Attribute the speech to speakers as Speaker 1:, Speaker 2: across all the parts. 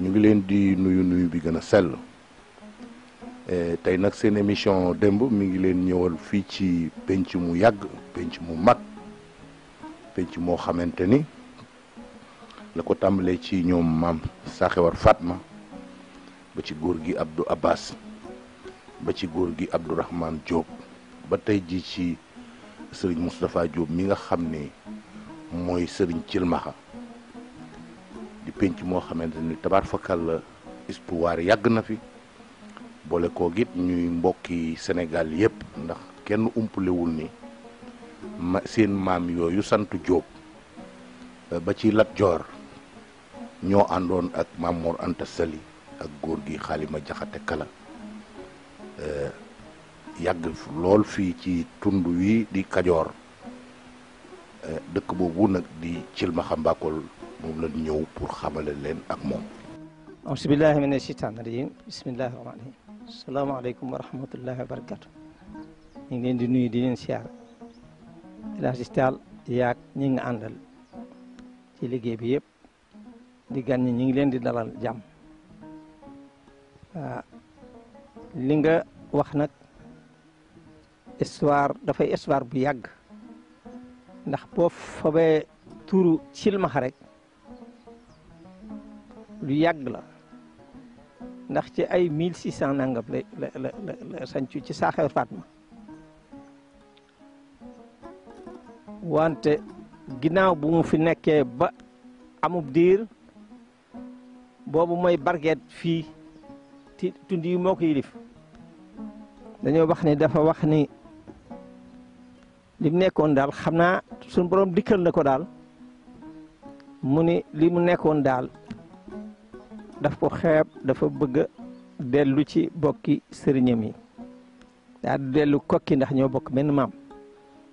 Speaker 1: ñu ngi leen di nuyu nuyu bi gën a sell eh, tey nag seen émission démb mi ngi leen ñëwal fii ci penc mu yàgg penc mu mag penc moo xamante ni la ko tàmbalee ci ñoom maam Saxewar Fatma ba ci góor gi Abdou Abbas ba ci góor gi Abdourahman Diop ba tey ji ci sëriñ Moustapha Diop mi nga xam ne mooy sëriñ Cilmaxa di penc moo xamante ni tabaar fakal la histoire yàgg na fi boole koo git ñuy mbokki senegaal yépp ndax kenn umpalewul ni ma seen maam yooyu sant Jóob eh, ba ci Lat Joor ñoo àndoon ak Maam Mor Anta ak góor gi Xaalima Jaxate Kala eh, yàgg lool fii ci tund wi di Kajoor eh, dëkk boobu nag di Cilmaxa Mbakol moom la ñëw pour xamale leen ak
Speaker 2: bismillahi rahmaani rahim asalaamaaleykum wa wa barakatu ñu ngi leen di nuyu di leen siyaar Elhadji Tall yaag ñi nga àndal ci liggéey bi yëpp di gan ñi ngi leen di dalal jàmm waaw ah, li nga wax nag histoire dafay histoire bu yàgg ndax boo fobee tuuru silmaxa rek lu yàgg la ndax ci ay mille six cent nangam la la la la sanc ci saaxeer Fatma wante ginnaaw bu mu fi nekkee ba amub diir boobu mooy barget fii ci tund yi moo ko yilif dañoo wax ni dafa wax ni li mu nekkoon daal xam naa suñu borom dikkal na ko daal mu ni li mu nekkoon daal daf ko xeeb dafa bëgg dellu ci bokki sëriñam yi daa dellu kokki ndax ñoo bokk benn maam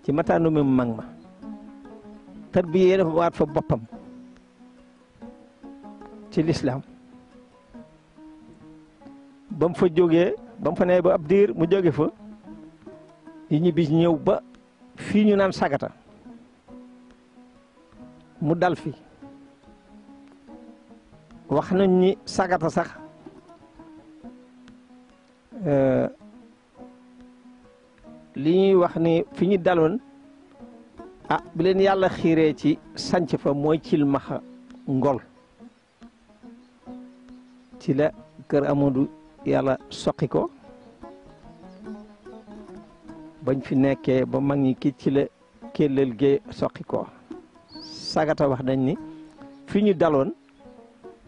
Speaker 2: ci mataanu mu mag ma tarbiyee dafa waat fa boppam ci lislaam ba mu fa jógee ba mu fa nee ba ab diir mu jóge fa yi ñu bis ñëw ba fii ñu naan sagata mu dal fi wax nañ ni sagata sax euh, li ñuy wax ni fi ñu daloon ah bi yàlla xiiree ci sanc fa mooy cilmaxa ngol ci la kër Amadou yàlla soqi ko bañ fi nekkee ba mag ñi ki ci la kéllal gee soqi ko sagata wax nañ ni fi ñu daloon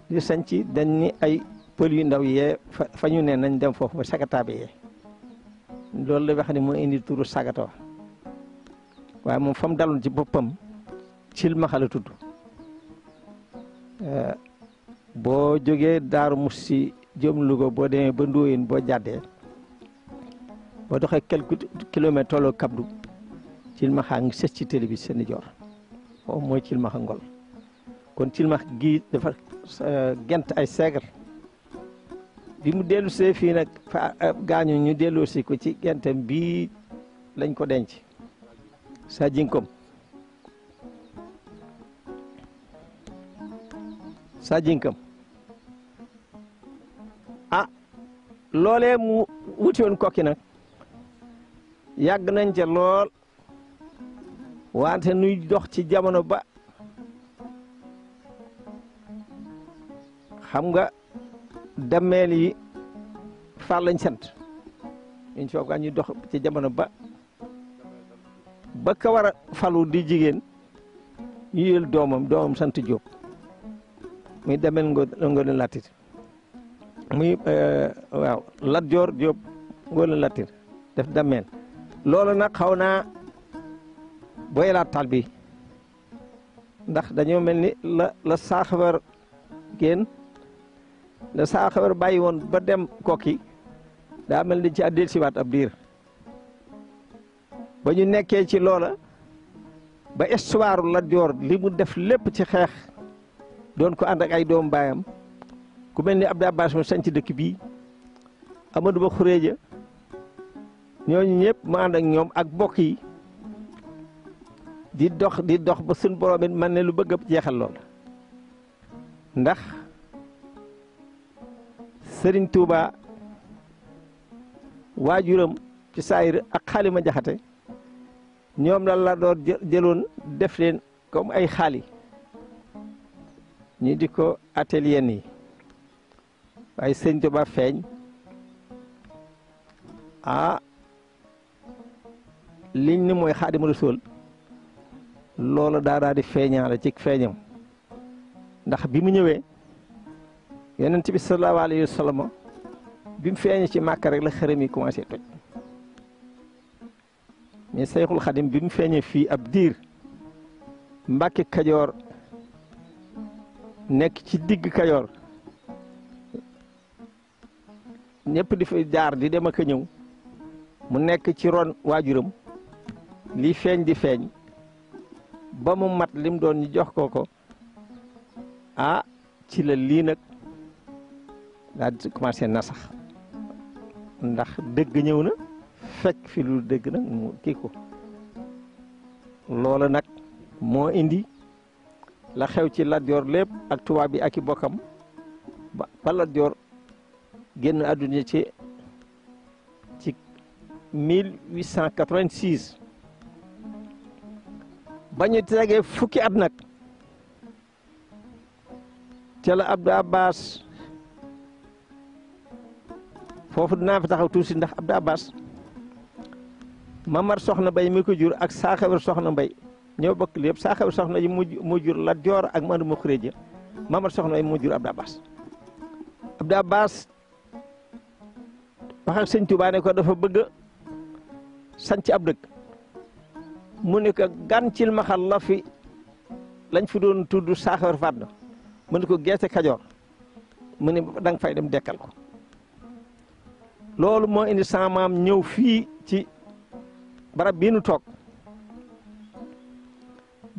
Speaker 2: ñu sanc dañ ni ay pël yu ndaw yee fa ñu ne nañ dem foofu ba sagataabe yee loolu la wax ne moo indi turu sagato waaye moom fa mu daloon ci boppam cilmaxa la tudd euh, boo jógee daaru mus si jëm Louga boo demee ba Ndoyeen boo jàddee boo doxee quelques kilomètres tolloo Kabdu silmaxa ngi sës ci télé bi seen i joor foofu mooy silmaxa ngol kon cilmax gi dafa euh, gent ay seegar bi mu dellusee fii nag fa euh, gaañu ñu delloo ko ci gentam bii lañ ko denc sa jinkom sa jinkam ah loolee mu wuti woon kokki nag yàgg nañ ca lool wante nuy dox ci jamono ba xam nga dameel yi faal lañ sant ñun ci dox ci jamono ba ba war a falu di jigéen ñu yël doomam doomam sant Jóob muy dameel Ngoone Latiir muy euh, waaw Lat Joor Jóob Ngoone Latiir def dameel loolu nag xaw naa boyalaat taal bi ndax dañoo mel ni la la saaxabar génn la saa xabar bàyyi woon ba dem kokki daa mel ni ci addil siwaat ab diir ba ñu nekkee ci loola ba histoire la joor li mu def lépp ci xeex doon ko ànd ak ay doom baayam ku mel ni Abdou Abbas mu sanc dëkk bii Amadou Ba Xuréeja ñooñu ñëpp mu ànd ak ñoom ak bokk yi di dox di dox ba suñ borom man ne lu bëgg a jeexal lool ndax sëriñ Touba waajuram ci saayir ak xaalima jaxate ñoom la la door jëloon def leen comme ay xaali ñu di ko atelier yi waaye sëriñ Touba feeñ ah liñ ni mooy xaadima rasul loolu daa daa di feeñaale ci feeñam ndax bi mu ñëwee yonent bi sallallahu alayhi wa sallam bi mu feeñee ci màkk rek la xërëm yi commencé toj mais Seyxul Xadim bi mu feeñee fii ab diir Mbàkke Kajoor nekk ci digg Kajoor ñépp di fa jaar di dem ak a ñëw mu nekk ci ron waajuram lii feeñ di feeñ ba mu mat lim doon ñu jox ko ko ah ci la lii nag. daal di commencé nasax ndax dëgg ñëw na fekk fi lu dëgg nag mu kii ko loola nag moo indi la xew ci Lat lépp ak tubaab bi ak i bokkam ba ba génn àdduna ci ci 1886 ba ñu tegee fukki at nag ca la Abdou Abbas foofu dinaa fi taxaw tuuti ndax ab Abdou Abbas Mamar Soxna bay mi ko jur ak Saaxewar Soxna Mbay ñoo bokk lépp Saaxewar Soxna yi mu jur Lat Joor ak Maadu Muxreja Mamar Soxna Mbay mu jur Abdou Abbas Abdou Abbas wax ak sëñ Tuubaa ne ko dafa bëgg sanc ab dëkk mu ne ko gan cil maxal la fi lañ fi doon tudd Saaxewar na mu ne ko Geese Kajoor mu ni da fay dem dekkal ko loolu moo indi sama maam ñëw fii ci barab bii nu toog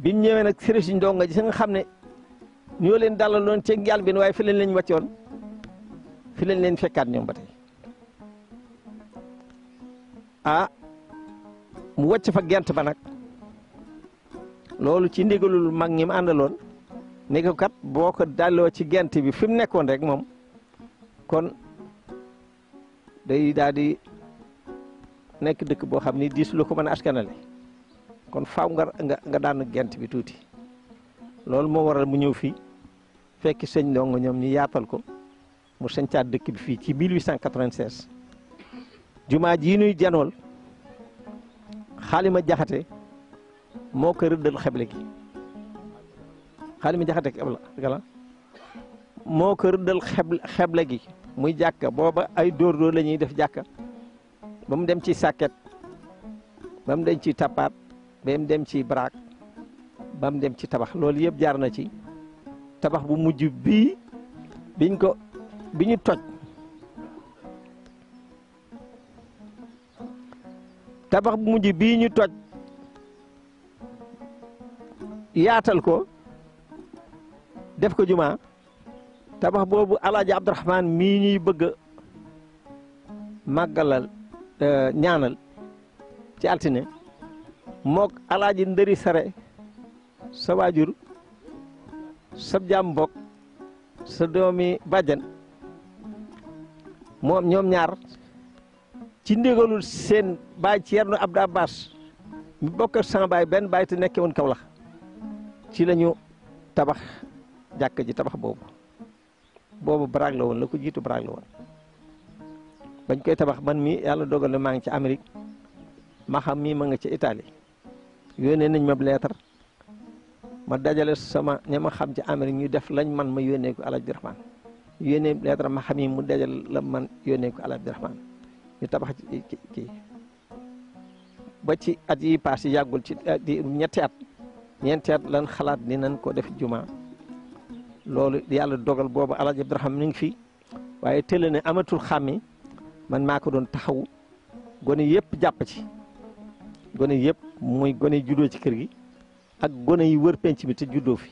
Speaker 2: bi mu ñëwee nag sëriñ si ndonga ji si nga xam ne ñoo leen dalaloon ci yàlla bi waaye fi leen leen wàccoon fi leen fekkaat ñoom ba tey ah mu wacc fa gent ba nag loolu ci ndigalul mag ñi mu àndaloon ne ko boo ko dalloo ci gent bi fi mu nekkoon rek moom kon day daal di nekk dëkk boo xam ni diis lu ko mën a askanale kon faw nga nga nga daan gent bi tuuti loolu moo waral mu ñëw fii fekk sëñ ndongo ñoom ñu yaatal ko mu sëñcaat dëkk bi fii ci 1896 jumaa ji nuy janool xaalima jaxate moo ko rëddal xeble gi xaalima jaxate ak la moo ko rëddal xeble gi muy jàkka booba ay dóor-dóor la def jàkka ba mu dem ci sàkket ba mu dem ci tappaat ba mu dem ci baraak ba mu dem ci tabax loolu yëpp jaar na ci tabax bu mujj biñ ko bi ñu toj tabax bu mujj bii ñu toj yaatal ko def ko jumaa tabax boobu alaaji abdurahmaan mii ñuy bëgg màggalal euh, ñaanal ci altine mook alaaji ndëri sare sa waajur sa jaam mbokk sa doomi bàjjan moom ñoom ñaar ci ndégalul seen baay Ceerno Abdu Abbas mi bokk sama benn baay te nekke woon Kawlax ci lañu tabax jàkk ji tabax boobu boobu Braak la woon la ko jiitu Braak la woon bañ koy tabax man mii yàlla dogal na maa ngi ci Amérique ma xam mii ma nga ci Italie yónnee nañ ma leetar ma dajale sama ña ma xam ci Amérique ñu def lañ man ma yónneeku ko Alaaji Rahmaan yónnee leetar ma mu dajal la man yónnee ko Alaaji ñu tabax ci kii ba ci at yi paas yi yàggul ci eh, di ñetti at ñeenti lan xalaat ni nan koo def juma loolu yàlla dogal boobu alaaji Abdourahmane mi ngi fi waaye tële ne amatul xàmmi man maa ko doon taxaw gone yëpp jàpp ci gone yëpp muy gone juddoo ci kër gi ak gone yi wër penc mi te juddoo fi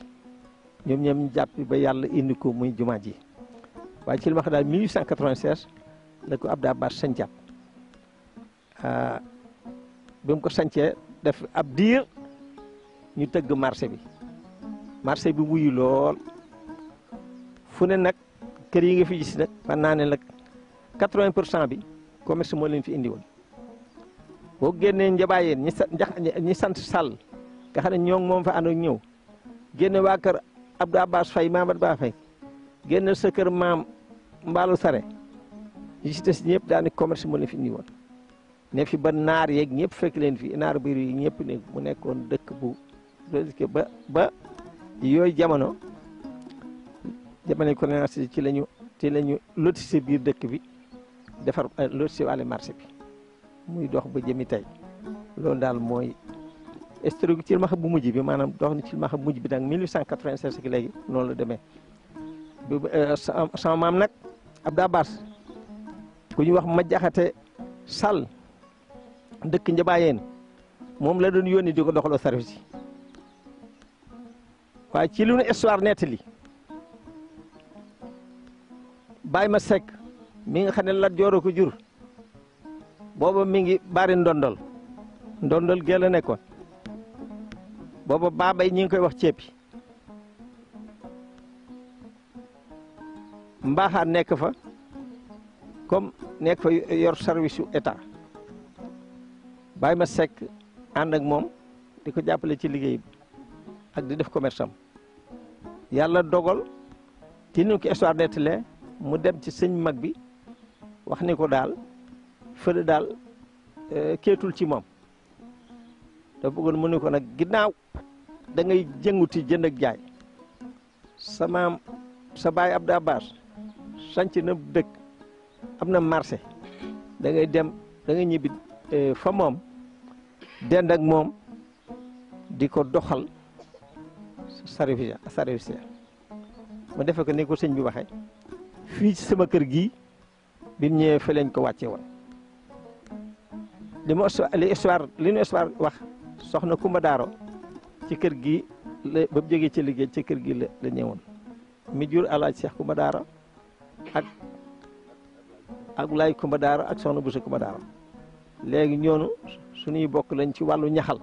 Speaker 2: ñoom ñoom ñu jàpp ba yàlla indi ko muy jumaa ji waaye ci li ma xam daal 1896 la ko Abdou Abbas sañcaat ah, bi mu ko sañcee def ab diir ñu tëgg marché bi marché bi wuyu lool. fu ne nag kër yi nga fi gis nag man naa ne nag quatre-vingt pour cent bi commerce moo leen fi indi woon boo génnee njabaayeen ñi sant Sall nga xam ne ñoo moom fa ànd ak ñëw génne waa kër Abdou Abbas Faye Mamadou Ba Faye génne sa kër maam Mbalou Sare ñi si des ñëpp daanaka commerce moo leen fi indi woon ne fi ba naar yeeg ñëpp fekk leen fi naar bi yi ñëpp ne mu nekkoon dëkk bu ba ba yooyu jamono jamono connaissance ci la ñu ci la ñu lotissé biir dëkk bi defar eh, lotissé wàllu marché bi muy dox ba jëmi tey loolu daal mooy historique ci ma xam bu mujj bi maanaam dox na ci ma xam bu mujj bi nag 1896 ki léegi noonu la demee bu eh, sama maam nag Abda Baas ku ñuy wax ma jaxate Sall dëkk Njabaayeen moom la doon yónni di ko doxaloo service yi waaye ci lu nu histoire nettali bàyyi ma sekk mi nga xam ne Lat Joor ko jur booba mi ngi bari ndondol ndondol gee la nekkoon booba baabay ñi ngi koy wax ceepi mbaaxaan nekk fa comme nekk fa yor service su état bàyyi ma sekk ànd ak moom di ko jàppale ci liggéey bi ak di def commerce yàlla dogal ci nu ko histoire mu dem ci sëñ mag bi wax ni ko daal fële daal euh, kéetul ci moom da bëggoon mu ne ko nag ginnaaw dangay jënguti jënd ak jaay sa baay Abdou Abbas sanc na dëkk am na marché dangay dem dangay ngay ñibbi euh, fa moom dend moom di ko doxal service service mu defe ko ni ko sëñ bi waxee fii ci sama kër gi bi mu ñëwee lañ ko wàcce woon li ma li histoire li ñu histoire wax soxna Kumba ci kër gi la ba mu ci liggéey ci kër gi la la woon mi jur alaaj Seex Kumba Daaro ak ak lay Kumba ak soxna Busa Kumba Daaro léegi ñoonu suñuy bokk lañ ci wàllu ñaxal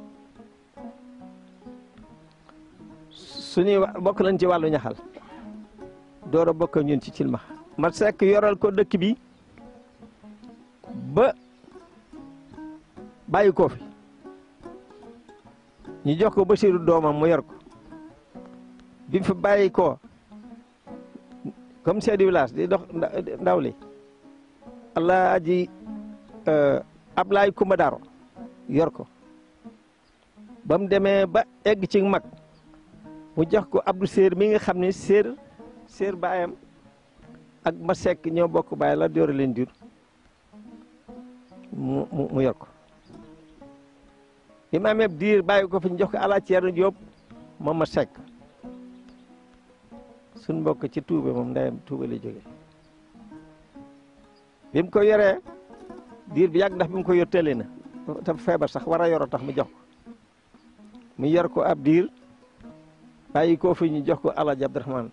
Speaker 2: suñuy bokk lañ ci wàllu ñaxal door a bokk ñun ci cilma ma sekk yoral ko dëkk bi ba bàyyi ko fi ñu jox ko Basiru doomam mu yor ko bi fi bàyyi ko comme chef de village di dox ndaw li Alaaji euh, Ablaay Kumba Daro yor ko ba mu demee ba egg ci mag mu jox ko Abdou Séer mi nga xam ni Séer séer baayam ak ma sekk ñoo bokk baay la door leen jur mu mu yor ko bi ma amee diir bàyyi ko fi ñu jox ko ala Ceerno Jóob moom ma sekk suñ mbokk ci tuube moom ndeyam tuube la jóge bi mu ko yoree diir bi yàgg ndax bi mu ko yor tële na te feebar sax war a yoroo tax mu jox ko mu yor ko ab diir bàyyi koo fi ñu jox ko ala Abdurahmaan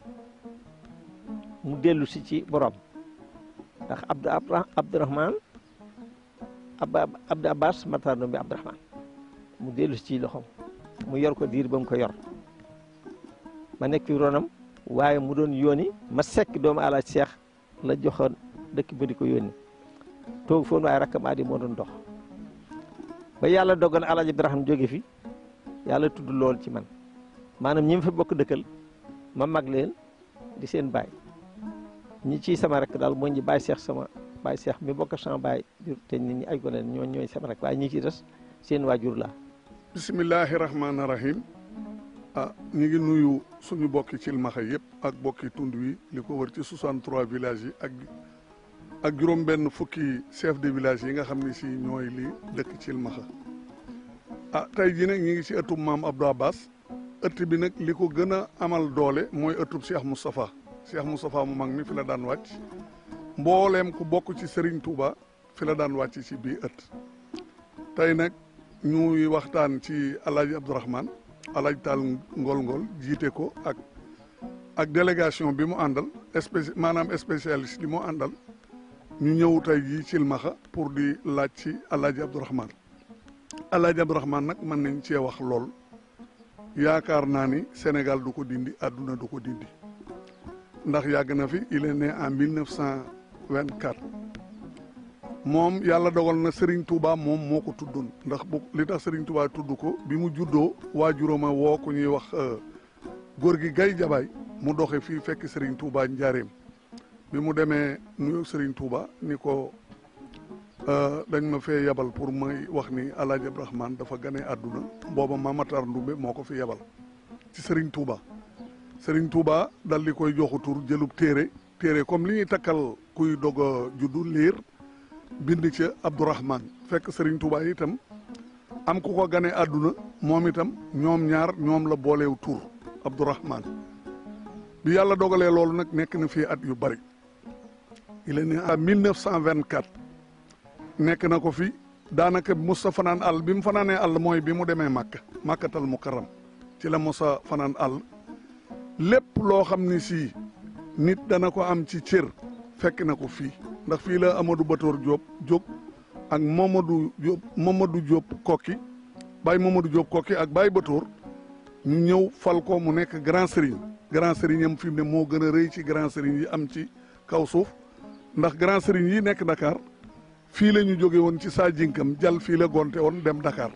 Speaker 2: mu dellusi ci borom ndax abdu abdurahman ab abdu abbas matarno bi abdurahman mu dellu ci loxom mu yor ko diir ba mu ko yor ma nekk fi ronam waaye mu doon yónni ma sekk doomu ala seex la joxoon dëkk ba ko yónni toog foon waaye rakkam aadi moo doon dox ba yàlla dogal alaaji Ibrahima jóge fi yàlla tudd lool ci man maanaam ñi ma fi bokk dëkkal ma mag leen di seen baay ñi ciy sama rekk daal mooy ñi bàyyi seex sama bàyyi seex mi bokk sama bàyyi jur te nit ñi ay gone ñoo ñooy sama
Speaker 3: rek waaye ñi ci des seen waajur laa bisimillahi rahmaani rahim ah ñu ngi nuyu suñu bokki cilmaxa yëpp ak bokki tund wi li ko wër ci 63 villages yi ak ak juróom-benn fukki chef de village yi nga xam ne si ñooy li dëkk cilmaxa ah tey jii nag ñu ngi ci ëttub maam Abdou Abbas ëtt bi nag li ko gën a amal doole mooy ëttub Cheikh Moustapha Cheikh Moustapha mu mag mi fi la daan wàcc mbooleem ku bokk ci Serigne Touba fi la daan wàcc ci bii ëtt tey nag ñuy waxtaan ci Alaaji Abdourahman Alaaji Taal ngol-ngol jiite ko ak ak délégation bi mu àndal spéci maanaam spécialiste bi mu àndal ñu ñëw tey jii Cilmaxa pour di laaj ci Alaaji Abdourahman Alaaji Abdourahman nag mën nañ cee wax lool yaakaar naa ni Sénégal du ko dindi àdduna du ko dindi ndax yàgg na fi il est né en 1924 moom yàlla dogal na sëriñ Touba moom moo ko tuddoon ndax bu li tax sëriñ Touba tudd ko bi mu juddoo waajuróoma woo ku ñuy wax euh, góor gi gay jabaay mu doxe fii fekk Serigne Touba njaareem bi mu demee nuyu Serigne Touba ni ko euh, dañ ma fee yabal pour may wax ni El Hadj Abdourahmane dafa gane àdduna booba Mamatar Ndumbe moo ko fi yabal ci Serigne Touba. Serigne Touba dal di koy joxu tur jëlub téere téere comme li ñuy takkal kuy dog a juddu liir bind ca Abdourahman fekk Serigne Touba itam am ku ko gane àdduna moom itam ñoom ñaar ñoom la boolewu tur Abdourahman bi yàlla dogalee loolu nag nekk na fii at yu bari il est né en 1924 nekk na ko fi daanaka mos a fanaan àll bi mu fanaanee àll mooy bi mu demee Màkka Màkkatal Mukarram ci la mos fanaan àll lépp loo xam ni sii nit dana ko am ci cër fekk na ko fii ndax fii la Amadou Batoor Diop jóg ak Mamadou Diop Mamadou Diop bay Baye Mamadou Diop kokki ak Baye Batoor ñu ñëw fal ko mu nekk grand serigne grand serigne fi mu ne moo gën a rëy ci grand yi am ci kaw ndax grand yi nekk Dakar fii la ñu jóge woon ci saa jinkam jal fii la gonte woon dem Dakar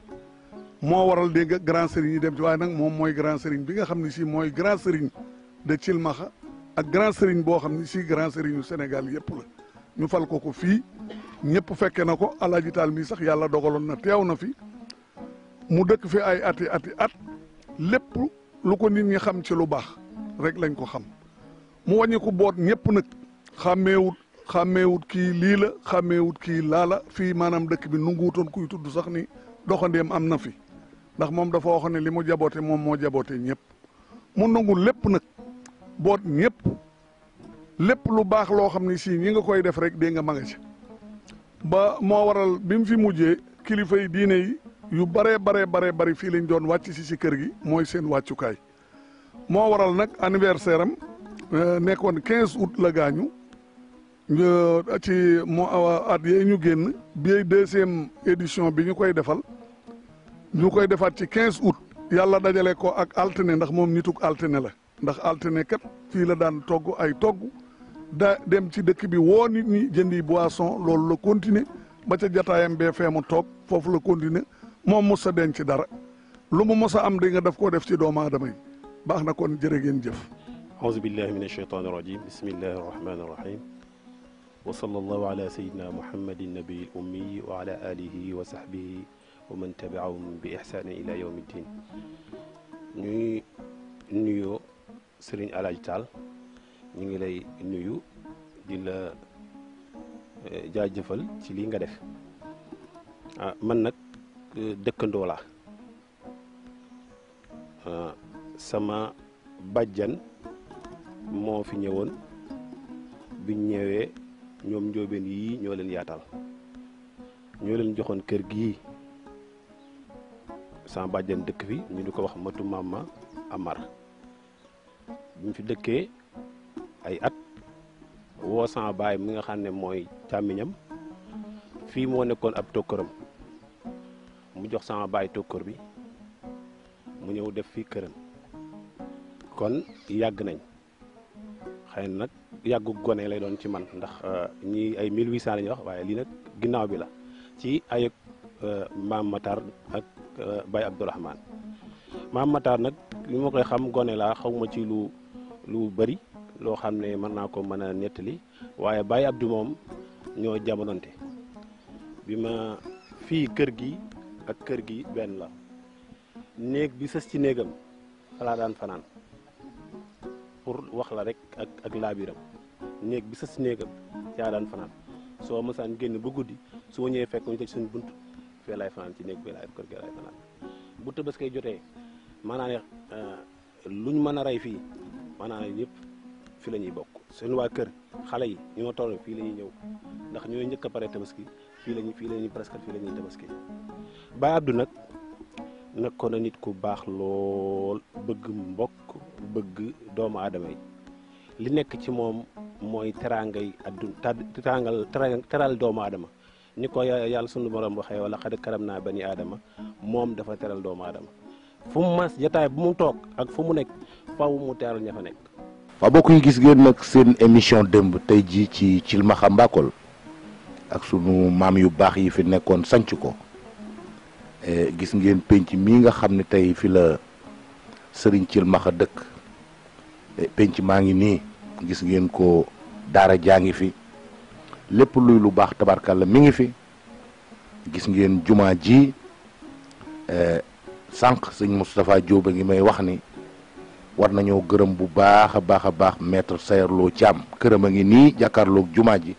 Speaker 3: moo waral dégg nga grand serigne yi dem ci waaye nag moom mooy grand serigne bi nga xam ni sii mooy grand serigne de cilmaxa ak grand serigne boo xam ne si grand serigne yu Sénégal yëpp la ñu fal ko ko fii ñëpp fekke na ko alaaji taal mii sax yàlla dogaloon na teew na fi mu dëkk fi ay ati ati at lépp lu ko nit ñi xam ci lu baax rek lañ ko xam mu wàññi ku boot ñëpp nag xàmmeewut xàmmeewut kii lii la xàmmeewut kii laala fii maanaam dëkk bi nunguutoon kuy tudd sax ni doxandeem am na fi ndax moom dafa waxoon ne li mu jaboote moom moo jaboote ñëpp mu nangu lépp nag boot ñëpp lépp lu baax loo xam ne si ñi nga koy def rek dee nga ma nga ci ba moo waral bi mu fi mujjee kilifa yi diine yi yu baree baree baree bari fii lañ doon wàcc si si kër gi mooy seen wàccukaay moo waral nag anniversaire euh, nekkoon quinze août la gaañu ci moo euh, at yee ñu génn bi deuxième édition bi ñu koy defal ñu koy defaat ci 15 août yàlla dajale ko ak altine ndax moom nituk altine la ndax altine kat fii la daan togg ay togg da dem ci dëkk bi woo nit ñi jëndi boisson loolu la continuer ba jataayam bee fee mu toog foofu la continuer moom mos a ci dara lu mu mos a am di nga def koo def ci doomu aadama yi baax na kon jërë ngeen jëf
Speaker 4: aouzu billahi min alsheytan irajim bismillahi arrahmani irrahim wa sallallahu ala sayidina muhammadin nabiil ummi wa ala alihi wa wa man tabiahum bi ihsaanin ila yawmi ddin ñuy nuyoo sëriñ Alaaji Taal ñu ngi lay nuyu di la eh, jaajëfal ci lii nga def ah, man nag eh, dëkkandoo laa ah, sama bàjjan moo fi ñëwoon biñ ñëwee ñoom njóobeen yii ñoo leen yaatal ñoo leen joxoon kër gii sama bàjjen dëkk bi ñu du ko wax matu mama Amar bi fi dëkkee ay at woo sama baay mi nga xam ne mooy càmmiñam fii moo nekkoon ab tokkëram mu jox samabaay baay bi mu ñëw def fii këram kon yàgg nañ xëy na nag yàggu gone lay doon ci man ndax euh, ñi ay 1800 la ñuy wax waaye lii nag ginnaaw bi la ci ay euh, maam Matar ak Euh, Baye Abdourahmane maam Matar nag li ma koy xam gone laa xaw ma ci lu lu bari loo xam ne mën naa ko mën a nettali waaye Baye Abdou moom ñoo jamononte bi ma fii kër gi ak kër gi benn la néeg bi sës ci néegam falaa daan fanaan pour wax la rek ak ak laabiram néeg bi sës ci néegam yaa daan fanaan soo mësaan génn ba guddi soo ñëwee fekk ñu ko ci bunt fee laay fanaan ci néeg fee laay kër gee bu tëbaskee jotee maanaa ne euh, luñ mën a rey fii maanaa ne ñëpp fi la ñuy bokk seen waa kër xale yi ñu ma toll fii la ñëw ndax ñooy njëkk a pare tabaski fii la fii la ñuy presque fii la ñuy tabaski Baye nag nekkoon na nit ku baax lool bëgg mbokk bëgg doomu aadama yi li nekk ci moom mooy teraangay addun terangal teral doomu aadama ni ko yàlla sunu borom xee wala xarit karam naa bani aadama moom dafa teral doomu aadama fu mu mas jotaay bu mu toog ak fu mu nekk faw mu teral ña fa nekk.
Speaker 1: waaw bokk yi gis ngeen nag seen émission démb tey jii ci Cilmaxa Mbakol ak sunu maam yu baax yi fi nekkoon sanc ko e, gis ngeen penc mii nga xam ne tey fi la sëriñ Cilmaxa dëkk e, penc maa ngi nii gis ngeen ko daara jaa ngi fi. lépp luy lu baax tabarkàlla mi ngi fi gis ngeen jumaa ji eh, sànq sëñ Moustapha Diop a ngi may wax ni war nañoo gërëm bu baax a baax a baax maître sayarloo Thiam këram a ngi nii jàkkaarloog jumaa ji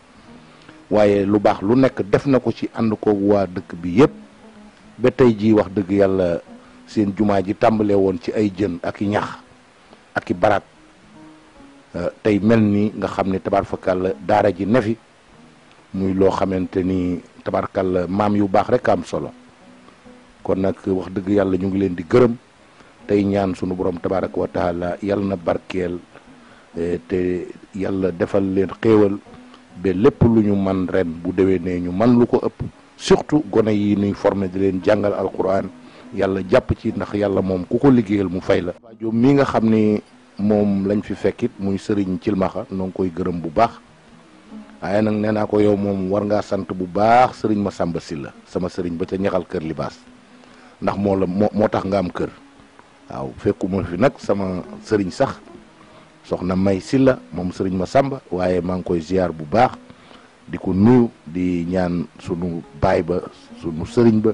Speaker 1: waaye lu baax lu nekk def na ko ci ànd koog waa dëkk bi yépp ba tey jii wax dëgg yàlla seen jumaa ji tàmbalee woon ci ay jën ak i ñax ak i baraat eh, tey mel ni nga xam ne tabaar fakal daara ji ne fi muy loo xamante ni tabarkal la maam yu baax rek am solo kon nag wax dëgg yàlla ñu ngi leen di gërëm tey ñaan sunu borom tabaraka wa taala yàlla na barkeel eh, te yàlla defal leen xéewal ba lépp lu ñu man ren bu déwee ne ñu man lu ko ëpp surtout gone yi nuy formé di leen jàngal alquran yàlla jàpp ci ndax yàlla moom ku ko liggéeyal mu fay la waajo mi nga xam ni moom lañ fi fekkit muy sëriñ cilmaxa noo ngi koy gërëm bu baax waaye nag nee naa ko yow moom war ngaa sant bu baax sëriñ ma sàmba si la sama sëriñ ba ca ñaxal kër libaas ndax moo la moo moo tax nga am kër waaw fekkuma fi nag sama sëriñ sax soxna may si la moom sëriñ ma sàmba waaye maa ngi koy ziar bu baax di ko nuyu di ñaan sunu baay ba sunu sëriñ ba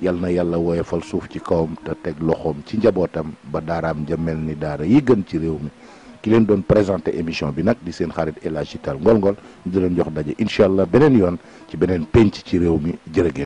Speaker 1: yal na yàlla woyofal suuf ci kawam te teg loxoom ci njabootam ba daaraam ja mel ni daara yi gën ci réew mi ki leen doon présenté émission bi nag di seen xarit El Hadji Tall Ngol Ngol ñu di jox daje incha allah beneen yoon ci beneen penc ci réew mi jërëgéen